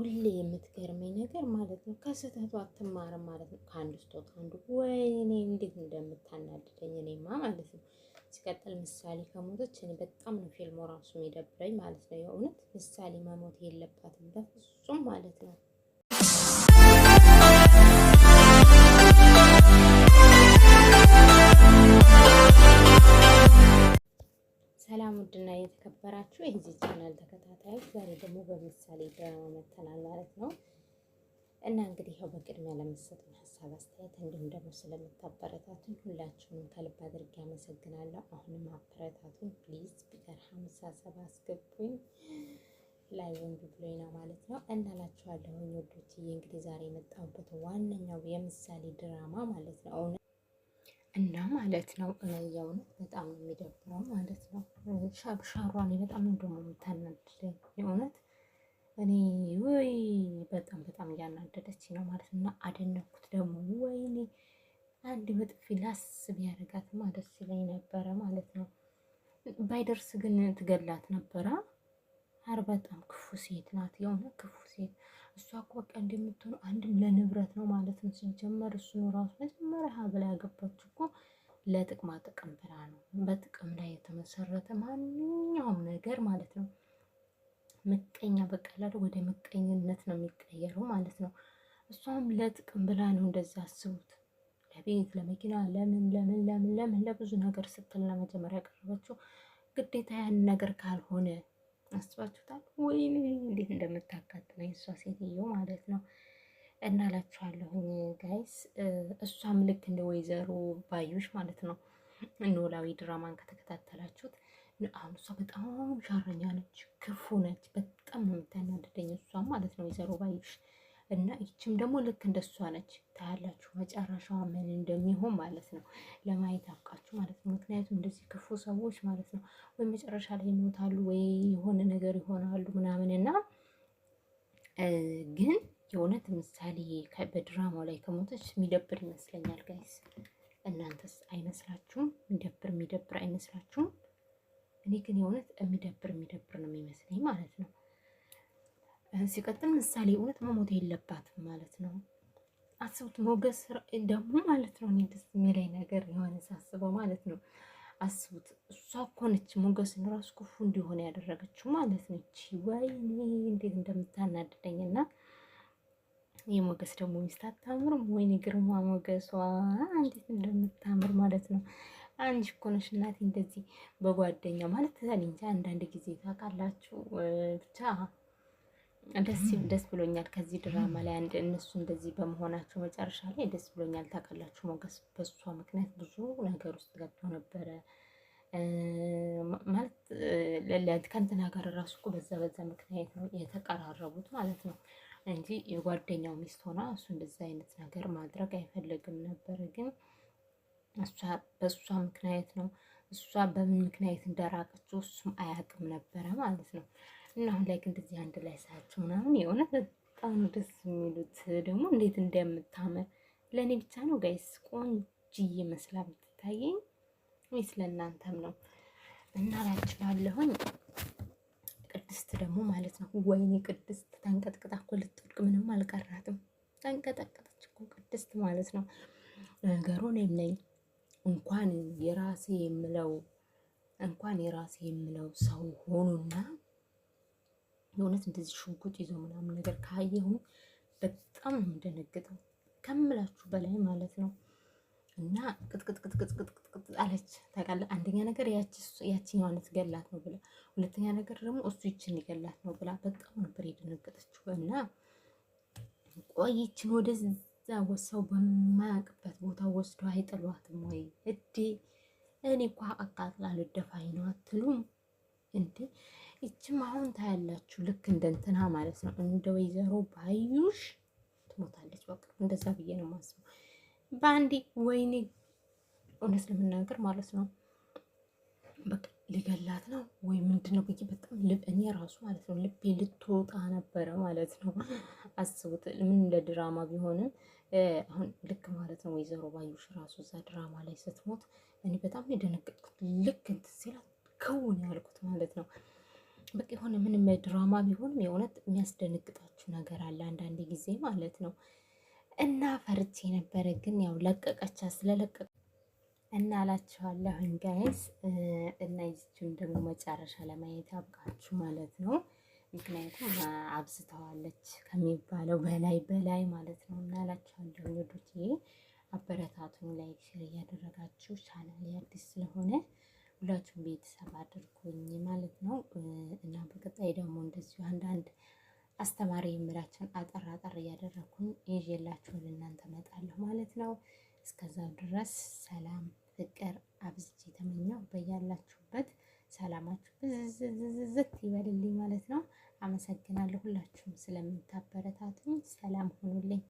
ሁሌ የምትገርመኝ ነገር ማለት ነው ከስህተቱ አትማርም ማለት ነው። ከአንዱ ስህተት አንዱ ወይኔ እንዴት እንደምታናድደኝ እኔማ ማለት ነው። ሲቀጥል ምሳሌ ከሞተች እኔ በጣም ነው ፊልሙ ራሱ የሚደብረኝ ማለት ነው። የእውነት ምሳሌ መሞት የለባትም በፍጹም ማለት ነው። ሰላም ውድና የተከበራችሁ የዚህ ቻናል ላይ ዛሬ ደግሞ በምሳሌ ድራማ መተናል ማለት ነው። እና እንግዲህ ያው በቅድሚያ ለምትሰጡን ሀሳብ አስተያየት፣ እንዲሁም ደግሞ ስለምታበረታቱን ሁላችሁንም ከልብ አድርጌ አመሰግናለሁ። አሁንም አበረታቱን ፕሊዝ። ቢቀር ሀምሳ ሰባ አስገቡኝ ላይ ወንዱ ብሎና ማለት ነው። እና ላችኋለሁ ወዶችዬ፣ እንግዲህ ዛሬ የመጣሁበት ዋነኛው የምሳሌ ድራማ ማለት ነው እና ማለት ነው ያው በጣም የሚደብረው ሻብሻሯ እኔ በጣም እንደሆነ የምታናድደኝ የእውነት እኔ ወይ በጣም በጣም እያናደደች ነው ማለት እና አደነኩት ደግሞ ወይኔ አንድ በጥፊ ላስብ ያደረጋትማ ደስ ይለኝ ነበረ ማለት ነው። ባይደርስ ግን ትገላት ነበረ። አር በጣም ክፉ ሴት ናት፣ የሆነ ክፉ ሴት። እሷ እኮ በቃ እንደምትሆነው አንድም ለንብረት ነው ማለት ነው። ሲጀመር እሱ ራሱ መጀመሪያ ሀብላ ያገባች እኮ ለጥቅማ ጥቅም ብላ ነው። በጥቅም ላይ የተመሰረተ ማንኛውም ነገር ማለት ነው። ምቀኛ በቀላል ወደ ምቀኝነት ነው የሚቀየረው ማለት ነው። እሷም ለጥቅም ብላ ነው እንደዚህ አስቡት። ለቤት ለመኪና፣ ለምን ለምን ለምን ለምን ለብዙ ነገር ስትል ለመጀመሪያ ያቀረበችው ግዴታ ያን ነገር ካልሆነ አስባችሁታል? ወይም እንዴት እንደምታጋጥመኝ እሷ ሴትዮ ማለት ነው። እና እላችኋለሁ ጋይስ እሷም ልክ እንደ ወይዘሮ ባዩሽ ማለት ነው። ኖላዊ ድራማን ከተከታተላችሁት አሁን እሷ በጣም ሻረኛ ነች፣ ክፉ ነች። በጣም የምታናደደኝ እሷ ማለት ነው ወይዘሮ ባዩሽ እና ይችም ደግሞ ልክ እንደሷ ነች። ታያላችሁ መጨረሻዋ ምን እንደሚሆን ማለት ነው። ለማየት አብቃችሁ ማለት ነው። ምክንያቱም እንደዚህ ክፉ ሰዎች ማለት ነው ወይ መጨረሻ ላይ ይሞታሉ ወይ የሆነ ነገር ይሆናሉ ምናምን እና ግን የእውነት ምሳሌ በድራማው ላይ ከሞተች የሚደብር ይመስለኛል ጋይስ። እናንተስ አይመስላችሁም? የሚደብር የሚደብር አይመስላችሁም? እኔ ግን የእውነት የሚደብር የሚደብር ነው የሚመስለኝ ማለት ነው። ሲቀጥል ምሳሌ እውነት መሞት የለባትም ማለት ነው። አስቡት ሞገስ ደግሞ ማለት ነው። እኔ ደስ የሚለኝ ነገር የሆነ ሳስበው ማለት ነው። አስቡት እሷ እኮ ነች ሞገስን ራሱ ክፉ እንዲሆነ ያደረገችው ማለት ነች። ወይኔ እንዴት እንደምታናድደኝ እና የሞገስ ደግሞ ሚስት አታምርም? ወይኔ ግርማ ሞገሷ እንዴት እንደምታምር ማለት ነው። አንቺ እኮ ነሽ እናቴ እንደዚህ በጓደኛ ማለት ተሳልንቻ አንዳንድ ጊዜ ታውቃላችሁ። ብቻ ደስ ደስ ብሎኛል ከዚህ ድራማ ላይ አንድ እነሱ እንደዚህ በመሆናቸው መጨረሻ ላይ ደስ ብሎኛል። ታውቃላችሁ ሞገስ በሷ ምክንያት ብዙ ነገር ውስጥ ገብቶ ነበረ ማለት ለእንትን ከእንትና ጋር ራሱ እኮ በዛ በዛ ምክንያት ነው የተቀራረቡት ማለት ነው። እንጂ የጓደኛው ሚስት ሆና እሱ እንደዚህ አይነት ነገር ማድረግ አይፈልግም ነበር። ግን በእሷ ምክንያት ነው እሷ በምን ምክንያት እንደራቀችው እሱም አያውቅም ነበረ ማለት ነው። እና አሁን ላይ ግን እንደዚህ አንድ ላይ ሳያቸው ምናምን የሆነ በጣም ደስ የሚሉት ደግሞ እንዴት እንደምታምር ለእኔ ብቻ ነው ጋይስ ቆንጅዬ መስላ ብትታየኝ ወይስ ለእናንተም ነው? እና ላችኋለሁኝ ቅድስት ደግሞ ማለት ነው። ወይኔ ቅድስት ተንቀጥቅጣ እኮ ልትወድቅ ምንም አልቀራትም። ተንቀጠቀጠች እኮ ቅድስት ማለት ነው። ነገሩ እኔም ነኝ እንኳን የራሴ የምለው እንኳን የራሴ የምለው ሰው ሆኑና የእውነት እንደዚህ ሽጉጥ ይዞ ምናምን ነገር ካየሁ በጣም ነው ከምላችሁ በላይ ማለት ነው። እና ቅጥቅጥቅጥቅጥቅጥቅጥ አለች። ታውቃለህ አንደኛ ነገር ያችኛዋን ልትገላት ነው ብላ፣ ሁለተኛ ነገር ደግሞ እሱ ይችን ሊገላት ነው ብላ በጣም ነበር የደነገጠችው። እና ቆይችን ወደዛ ወሰው በማያውቅበት ቦታ ወስዶ አይጥሏትም ወይ እዴ? እኔ እኮ አቃጥላ ልደፋኝ ነው አትሉም እንዴ? ይችም አሁን ታያላችሁ፣ ልክ እንደ እንትና ማለት ነው እንደ ወይዘሮ ባዩሽ ትሞታለች። በቃ እንደዛ ብዬ ነው ማስበው። በአንዴ ወይኔ፣ እውነት ለመናገር ማለት ነው በቃ ልገላት ነው ወይ ምንድን ነው ብዬ በጣም እኔ ራሱ ማለት ነው ልቤ ልትወጣ ነበረ ማለት ነው። አስቡት፣ ምን ለድራማ ቢሆንም አሁን ልክ ማለት ነው ወይዘሮ ባዩሽ ራሱ እዛ ድራማ ላይ ስትሞት እኔ በጣም የደነገጥኩት ልክ እንትን ሲላት ከውን ያልኩት ማለት ነው። በቃ የሆነ ምንም ድራማ ቢሆንም የእውነት የሚያስደነግጣችሁ ነገር አለ አንዳንድ ጊዜ ማለት ነው። እና ፈርቼ ነበረ፣ ግን ያው ለቀቀቻ ስለለቀቀ እና አላችኋለሁ ጋይስ። እና ይችን ደግሞ መጨረሻ ለማየት አብቃችሁ ማለት ነው። ምክንያቱም አብዝተዋለች ከሚባለው በላይ በላይ ማለት ነው። እና አላችኋለሁ ወዶቼ አበረታቱን፣ ላይክ ሼር እያደረጋችሁ ቻናል አዲስ ስለሆነ ሁላችሁም ቤተሰብ አድርጎኝ ማለት ነው። እና በቀጣይ ደግሞ እንደዚሁ አንዳንድ አስተማሪ የምላቸውን አጠር አጠር እያደረግኩኝ ይዤላችሁ እናንተ እመጣለሁ ማለት ነው። እስከዛው ድረስ ሰላም ፍቅር አብዝቼ ተመኘው። በያላችሁበት ሰላማችሁ ብዝዝዝዝት ይበልልኝ ማለት ነው። አመሰግናለሁ ሁላችሁም ስለምታ